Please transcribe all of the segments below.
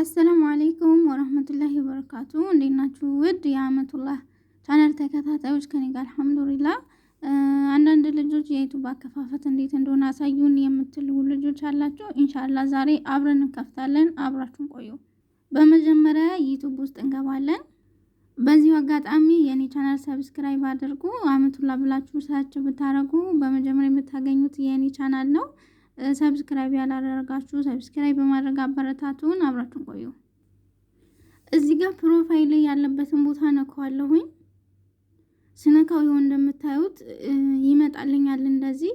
አሰላሙ አሌይኩም ወረህመቱላሂ ወበረካቱ እንዴት ናችሁ? ውድ የአመቱላህ ቻናል ተከታታዮች ከኔ ጋር አልሐምዱሊላ። አንዳንድ ልጆች የዩቱብ አከፋፈት እንዴት እንደሆነ አሳዩን የምትሉ ልጆች አላችሁ። ኢንሻላ ዛሬ አብረን እንከፍታለን። አብራችሁን ቆዩ። በመጀመሪያ ዩቱብ ውስጥ እንገባለን። በዚሁ አጋጣሚ የእኔ ቻናል ሰብስክራይብ አድርጉ። አመቱላ ብላችሁ ሰርች ብታደርጉ በመጀመሪያ የምታገኙት የእኔ ቻናል ነው። ሰብስክራይብ ያላደረጋችሁ ሰብስክራይብ በማድረግ አበረታቱን። አብራችሁን ቆዩ። እዚህ ጋር ፕሮፋይል ያለበትን ቦታ ነካዋለሁኝ። ስነካው ይሆን እንደምታዩት ይመጣልኛል። እንደዚህ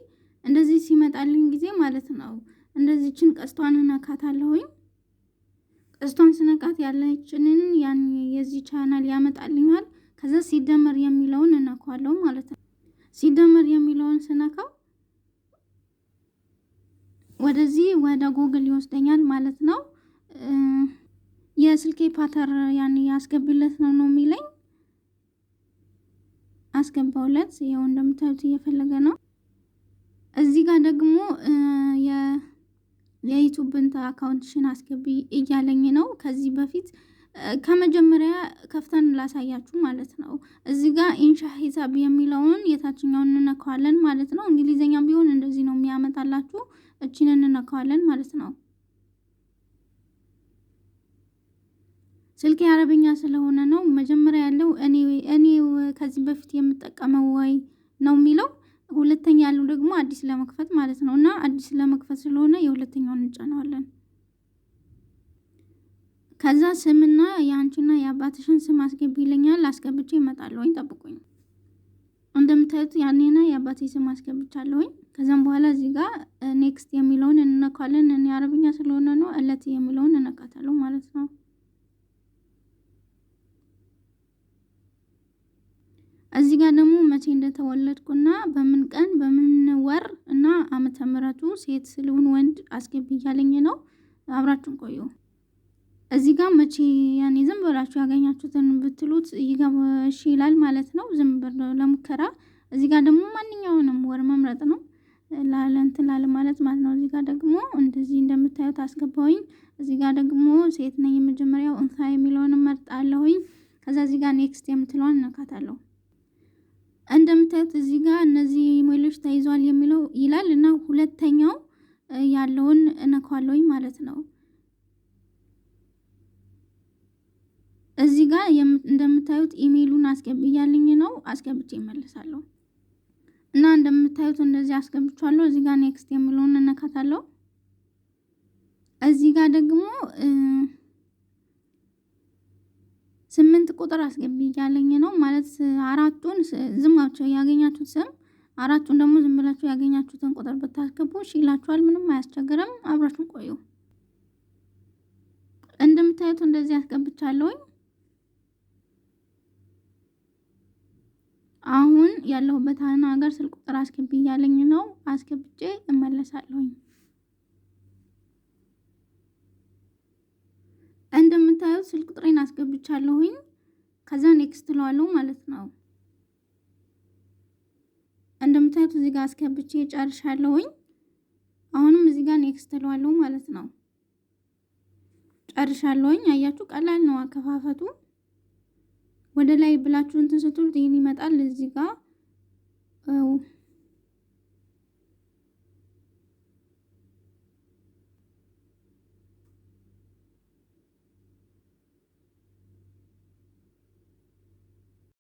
እንደዚህ ሲመጣልኝ ጊዜ ማለት ነው እንደዚችን ቀስቷን እነካታለሁኝ። ቀስቷን ስነካት ያለችንን ያን የዚህ ቻናል ያመጣልኛል። ከዛ ሲደመር የሚለውን እነካዋለሁ ማለት ነው። ሲደመር የሚለውን ስነካው ወደዚህ ወደ ጉግል ይወስደኛል ማለት ነው። የስልኬ ፓተር ያን ያስገቢለት ነው ነው የሚለኝ። አስገባውለት። ያው እንደምታዩት እየፈለገ ነው። እዚህ ጋር ደግሞ የዩቱብን አካውንትሽን አስገቢ እያለኝ ነው። ከዚህ በፊት ከመጀመሪያ ከፍተን ላሳያችሁ ማለት ነው። እዚህ ጋር ኢንሻ ሂሳብ የሚለውን የታችኛውን እንነካዋለን ማለት ነው እንግሊዝኛ ታውቁታላችሁ። እቺን እንነካዋለን ማለት ነው። ስልክ የአረበኛ ስለሆነ ነው። መጀመሪያ ያለው እኔ ከዚህ በፊት የምጠቀመው ወይ ነው የሚለው። ሁለተኛ ያለው ደግሞ አዲስ ለመክፈት ማለት ነው። እና አዲስ ለመክፈት ስለሆነ የሁለተኛውን እንጫነዋለን። ከዛ ስምና የአንቺና የአባትሽን ስም አስገቢ ይለኛል። አስገብቼ ይመጣለሁ ወይ ጠብቁኝ። እንደምታዩት ያኔና የአባቴ ስም አስገብቻለሁኝ። ከዚም በኋላ እዚህ ጋር ኔክስት የሚለውን እንነካለን። እኔ አረብኛ ስለሆነ ነው እለት የሚለውን እነካታለሁ ማለት ነው። እዚህ ጋር ደግሞ መቼ እንደተወለድኩና በምን ቀን በምን ወር እና ዓመተ ምሕረቱ ሴት ስልሁን ወንድ አስገብ እያለኝ ነው። አብራችሁን ቆዩ። እዚህ ጋር መቼ ያኔ ዝም ብላችሁ ያገኛችሁትን ብትሉት እሺ ይላል ማለት ነው። ዝም ብሎ ለሙከራ እዚህ ጋር ደግሞ ማንኛውንም ወር መምረጥ ነው ላለንት ላለ ማለት ማለት ነው። እዚህ ጋር ደግሞ እንደዚህ እንደምታዩት አስገባውኝ። እዚህ ጋር ደግሞ ሴት ነኝ የመጀመሪያው እንሳ የሚለውን መርጣለሁኝ። ከዛ እዚህ ጋር ኔክስት የምትለውን እነካታለሁ። እንደምታዩት እዚህ ጋር እነዚህ ኢሜሎች ተይዟል የሚለው ይላል እና ሁለተኛው ያለውን እነካዋለሁኝ ማለት ነው። እዚህ ጋር እንደምታዩት ኢሜይሉን አስገብያልኝ ነው አስገብቼ ይመልሳለሁ። እና እንደምታዩት እንደዚህ አስገብቻለሁ። እዚህ ጋር ኔክስት የሚለውን እነካታለሁ። እዚህ ጋር ደግሞ ስምንት ቁጥር አስገቢ እያለኝ ነው ማለት አራቱን ዝማቸው ያገኛችሁት ስም አራቱን ደግሞ ዝም ብላችሁ ያገኛችሁትን ቁጥር ብታስገቡ ይላችኋል። ምንም አያስቸግርም። አብራችሁ ቆዩ። እንደምታዩት እንደዚህ አስገብቻለሁኝ። ያለሁበትን ሀገር ስልክ ቁጥር አስገቢ እያለኝ ነው። አስገብቼ እመለሳለሁኝ። እንደምታዩት ስልክ ቁጥሬን አስገብቻለሁኝ። ከዛ ኔክስት ለዋለሁ ማለት ነው። እንደምታዩት እዚህ ጋር አስገብቼ ጨርሻለሁኝ። አሁንም እዚህ ጋር ኔክስት ለዋለሁ ማለት ነው። ጨርሻለሁኝ። አያችሁ ቀላል ነው አከፋፈቱ። ወደ ላይ ብላችሁ እንትን ስትሉት ይህን ይመጣል እዚህ ጋር 嗯。